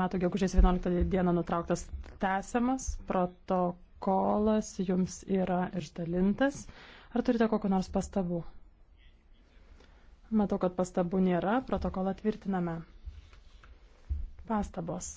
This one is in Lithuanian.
metų gegužės 11 dieną nutrauktas tęsiamas, protokolas jums yra išdalintas. Ar turite kokiu nors pastabu? Matau, kad pastabų nėra, protokolą tvirtiname. Pastabos.